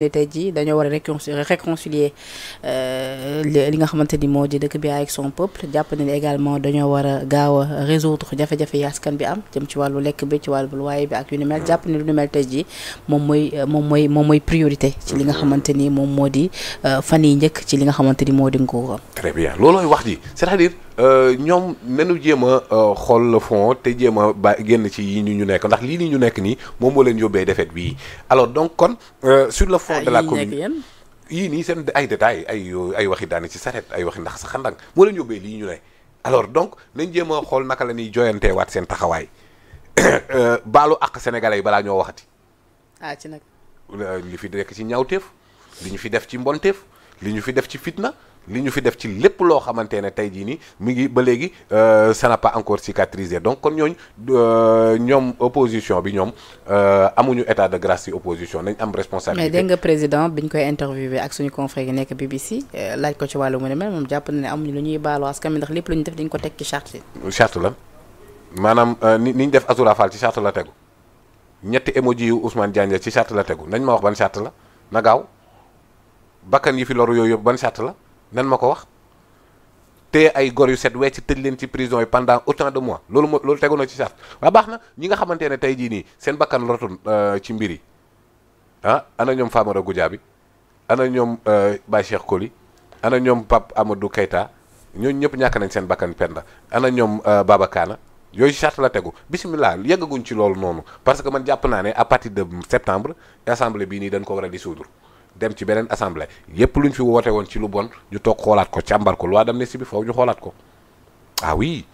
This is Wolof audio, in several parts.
ne tey jii dañoo war a réconcilier euh, li nga xamante ni moo di dëkk bi ak son peuple jàpp ne également dañoo war a gaaw a résoudre jafe-jafe yi askan bi am jëm ci wàllu lekk bi ci wàllu waaye bi ak yu ni mel jàpp ne lu ni mel tey ji moom mooy moom mooy moom mooy priorité ci li nga xamante ni moom moo di euh, fan yi njëkk ci li nga xamante ni moo di nguuram. très Euh, ñoom nañu jéem a euh, xool le fond te jéem a ba génn ci yi ñu nekk ndax lii nii ñu nekk nii moom moo leen yóbbee défaite bii alors donc kon euh, sur le fond de la ah, commune yii nii seen ay détails ay ay waxi daane ci saret ay waxi ndax sa xandang moo leen yóbbee lii ñu ne alors donc nañ jéem a xool naka la ñuy waat seen taxawaay baalu ak sénégalais yi balaa ñoo waxti ah ci nag. li fi nekk ci ñaawteef li ñu fi def ci mbonteef li ñu fi def ci fitna. li ñu fi def ci lépp loo xamante ne tey jii nii mu ngi ba léegi euh, ça n'a pas encore cicatrisé donc kon ñooñ euh, ñoom opposition bi ñoom euh, amuñu état de grâce ci opposition nañ am responsabilité. mais dégg nga président biñ koy interviewé ak suñu confrère yi nekk BBC laaj ko ci wàllu mu ne mel moom jàpp na ne amuñu lu ñuy baaloo askan mi ndax lépp lu ñu def dañ ko teg ci charte la maanaam ni ni ñu def Azoura Fall ci charte la tegu ñetti émoji yu Ousmane Diagne ci charte la tegu nañ ma wax ban charte la na gaaw bakkan yi fi loru yooyu ban charte la. nan ma ko wax te ay gor yu set wecc tëj leen ci prison yi pendant autant de mois loolu moo loolu tegu na ci charte waa baax na ñi nga xamante ne tey nii seen bakkan rotu euh, ci mbir yi ah ana ñoom Famara Goudiaby ana ñoom euh, Baye Cheikh Koli ana ñoom Pape Amadou Keita ñooñu ñëpp ñàkk nañ seen bakkan penda ana ñoom euh, Baba Kaana yooyu charte la tegu bisimilah yeggaguñ ci loolu noonu parce que man jàpp naa ne à partir de septembre assemblée bii nii dañ ko war a dissoudre dem ci beneen assemblée yépp lu ñu fi woote woon ci lu bon ñu toog xoolaat ko càmbar ko loi d'amnistie bi foofu ñu xoolaat ko ah oui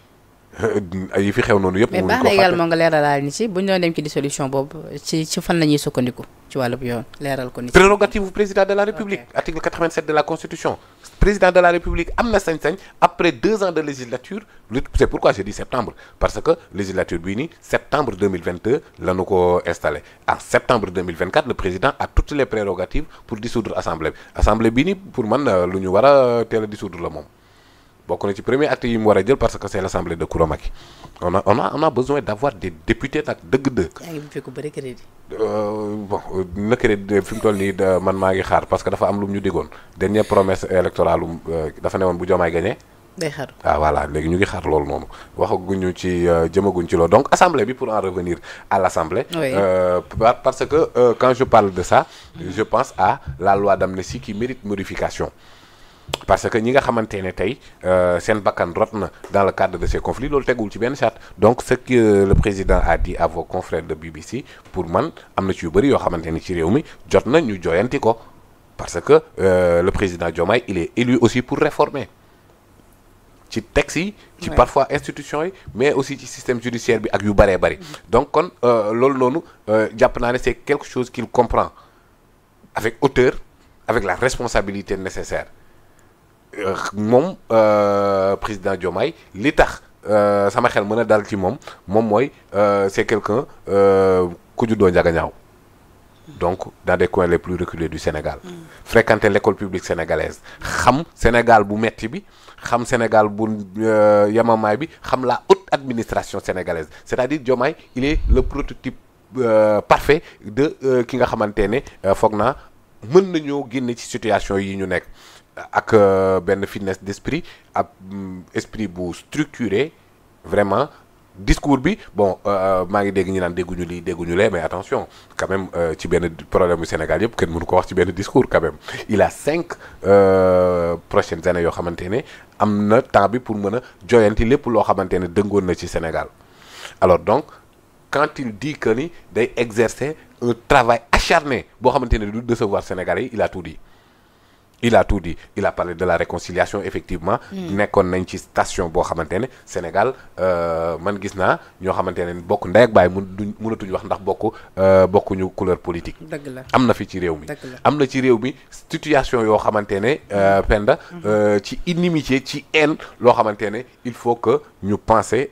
yi fi xew noonu yëpp. mais baax na également nga leeralal ni ci bu ñu doon dem ci dissolution boobu ci ci fan la ñuy sukkandiku ci wàllub yoon leeral ko ni prérogative président de la république. article 87 de la constitution. président de la république am na sañ-sañ après deux ans de législature lu c' pourquoi j'ai septembre parce que législature bii nii septembre la ñu ko installé en septembre le président a toutes les prérogatives pour dissoudre assemblée assemblée bii nii pour man euh, lu la moom. bokk na ci premier acte yi mu war a jël parce que c'est l'assemblée de Kouramaki on a on a on a besoin d'avoir des députés nag dëgg dëgg. yaa ngi fekk bëri crédit. Euh, bon euh, na crédit euh, fi mu toll nii man maa ngi xaar parce que dafa am lu mu ñu digoon dernière promesse électorale dafa ne woon bu Diomaye gagné. day xaar ah, léegi ñu ngi xaar loolu noonu waxaguñu ci jëmaguñ ci loolu donc assemblée bi pour en revenir à l'assemblée. Oui. Euh, parce que euh, quand je parle de ça. je pense à la loi d'amnistie qui mérite modification. parce que ñi nga xamante ne tey euh, seen bakkan rot na dans le cadre de ces conflits loolu tegul ci benn charte donc ce que euh, le président a dit à vos confrères de BBC pour man am na ci yu bëri yoo xamante ni ci réew mi jot na ñu jooyanti ko parce que euh, le président Diomaye il est élu aussi pour réformer ci texte yi ci parfois institution yi mais aussi ci système judiciaire bi ak yu bëree bëri mm-hmm. donc kon euh, loolu noonu jàpp naa ne c'est quelque chose qu'il comprend avec hauteur avec responsabilité nécessaire moom euh, président Diomaye li tax euh, sama xel mën a dal ci moom moom mooy euh, c'est quelqu'un ku juddoo njaga ñaaw donc dans des coins les plus reculés du Sénégal mm. fréquenter l'école publique sénégalaise xam Sénégal bu metti bi xam Sénégal bu yamamaay bi xam la haute administration sénégalaise c'est-à-dire Diomaye il est le prototype parfait de ki nga xamante ne foog naa mën nañoo génne ci situation yi ñu nekk ak euh, benn fitness d'esprit ak mm, esprit bu structuré vraiment discours bi bon euh, euh, maa ngi dégg ñu naan dégguñu lii dégguñu lee mais attention quand ci benn problème bu Sénégal yëpp kenn mënu ko wax ci benn discours quand même il a cinq prochaines années yoo xamante ne am na temps bi pour mën a joyanti lépp loo xamante ne dëngoon na ci Sénégal alors donc quand il dit que ni day exercer un travail acharné boo xamante ne du décevoir Sénégalais yi il a tout dit il a tout dit il a parlé de la réconciliation effectivement. Mm. nekkoon nañ ci station boo xamante ne Sénégal euh, man gis naa ñoo xamante ne bokk ndey ak baay mun duñ mënatuñu wax ndax bokk euh, bokkuñu couleur politique. dëgg la am na fi ci réew mi. am na ci réew mi situation yoo xamante ne euh, mm-hmm. Penda. Mm-hmm. ci inimitié ci haine loo xamante ne il faut que ñu penser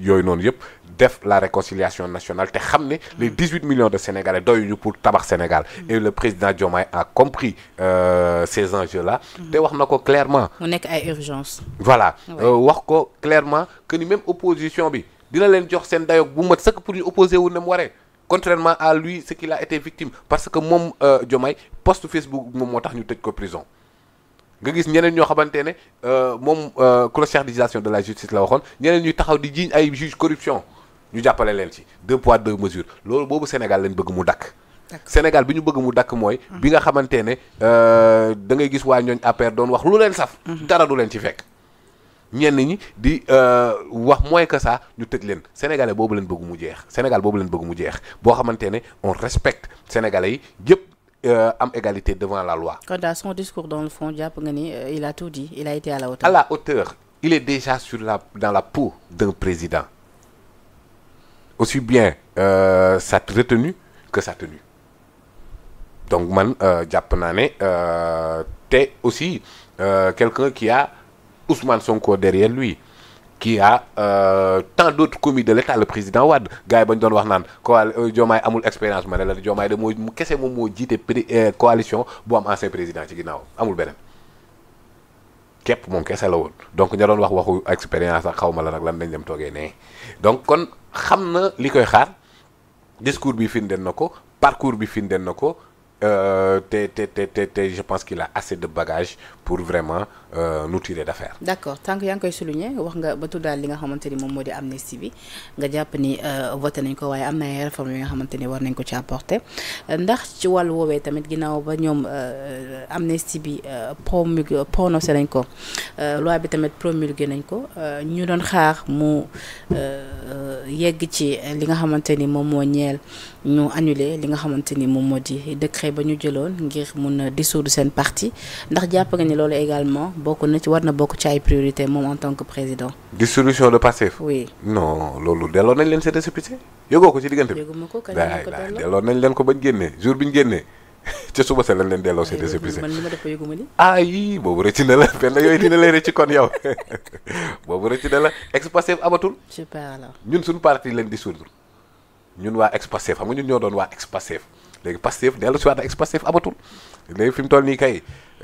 yooyu noonu yëpp. def la réconciliation nationale te xam ne les 18 mm. millions de sénégalais doyuñu pour tabax Sénégal mm. et le président Diomaye a compris euh, ces enjeux là mm. te wax na ko clairement mu nekk ay urgence voilà euh, wax ko clairement que ni même opposition bi dina leen jox seen dayoog bu mat sëkk pour ñu opposé wu ne mu waree contrairement à lui ce qu'il a été victime parce que moom euh, Diomaye post Facebook moom moo tax ñu tëj ko prison nga gis ñeneen ñoo xamante ne euh, moom clochardisation de la justice la waxoon ñeneen ñuy taxaw di jiiñ ay juge corruption ñu jàppale leen ci deux poids deux mesures loolu boobu Sénégal lañ bëgg mu dakk Sénégal bi ñu bëgg mu dakk mooy hmm. bi nga xamante ne euh, da ngay gis waa ñooñ APR doon wax lu leen saf hmm. dara du leen ci fekk ñenn ñi di euh, wax mooy que sax ñu tëj leen sénégalais boobu leen bëgg mu jeex Sénégal boobu leen bëgg mu jeex boo xamante ne on respecte sénégalais yi yëpp euh, am égalité devant la loi. Quand dans son discours dans le jàpp nga ni il a tout a été à la hauteur. il est déjà sur la dans la peau d'un président. aussi bien euh, sa retenue que sa tenue donc man euh, jàpp naa ne euh, te aussi euh, quelqu'un qui a Ousmane Sonko derrière lui qui a tant d'autres commis de l'État le président Wade gars yi ba ñu doon wax naan coal Diomaye amul expérience ma ne la Diomaye da moo kese moom moo jiite coalition bu am ancien président ci ginnaaw amul beneen képp moom kese la woon donc ña doon wax waxu expérience ak xaw la nag lan dañ dem toogee nee donc kon xam na li koy xaar discours bi firndeel na ko parcours bi firndeel na ko Euh, te te te te je pense qu'il a assez de bagage pour vraiment euh, nous tirer d'affaire. d'accord tant que yaa ngi koy souligner wax nga ba daal li nga xamante ni moom moo di amnistie bi nga jàpp ni euh, voté nañ ko waaye am na ay yi nga xamante ni war nañ ko ci apporter ndax ci wàllu woowee tamit ginnaaw ba ñoom euh, amnistie bi euh, promulgué prononcé nañ ko loi bi tamit promulgué nañ ko ñu doon xaar mu yegg ci li nga xamante ni moom moo ñeel ñu annulé li nga xamante ni moom moo di décret. pexe ba ñu jëloon ngir mun a dissoudre seen parti ndax jàpp nga ni loolu également bokk na ci war na bokk ci priorité moom en tant que président. dissolution de Pastef. non loolu delloo nañ leen seen récépissé yëgoo ko ci diggante bi. yëguma delloo nañ leen ko bañ génnee jour bi ñu génnee. ca suba sa lañ leen delloo seen récépissé man li boobu rëcc na la fenn yooyu dina lay rëcc kon yow boobu rëcc na la ex Pastef ñun suñu parti lañ léegi Pastef dellu si waat na ex léegi fi mu toll nii kay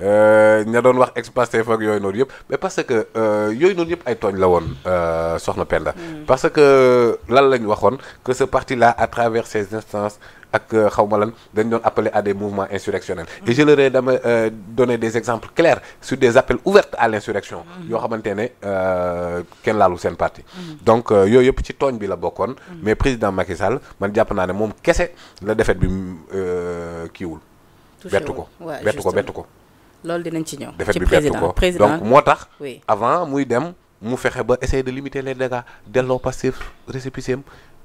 euh, ña doon wax ex Pastef ak yooyu noonu yëpp mais parce que euh, yooyu noonu yëpp ay tooñ la woon euh, soxna Penda. Mm. parce que lan la ñu waxoon que ce partie la à travers ses instances. ak euh, xaw ma lan dañ doon appeler à des mouvements insurrectionnels et je leur ai dama euh, donné des exemples clairs sur des appels ouverts à l'insurrection mm-hmm. yoo xamante ne euh, kenn laalu seen parti mm-hmm. donc yooyu yëpp ci tooñ bi la bokkoon mm-hmm. mais président Macky Sall man jàpp naa ne moom kese la défaite bi kiiwul bettu ko bettu ko bettu ko loolu dinañ ci ñëw défaite bi bettu ko moo tax avant muy dem mu fexe ba essayer de limiter les dégâts delloo passif récépissé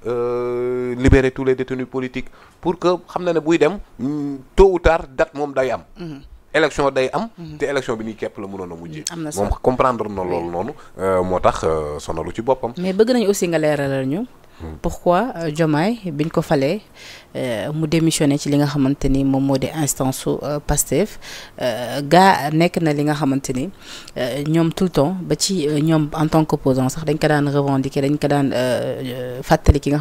Euh, libérer tous les détenus politiques pour que xam na ne buy dem mm, tôt ou tard date moom day am. Mm-hmm. élection day am. Mm-hmm. te élection bi nii képp la mënoon a mujjee. na moom comprendre na loolu noonu. Euh, moo tax euh, sonalu ci boppam. mais bëgg nañ aussi nga leeralal ñu. pourquoi euh, Diomaye biñ ko falee euh, mu démissionné ci li nga xamante ni moom moo di instance su euh, Pastef gaa nekk na li nga xamante ni ñoom tout le temps ba ci ñoom en tant qu'opposant sax dañ ko daan revendiquer dañ ko daan fàttali ki nga.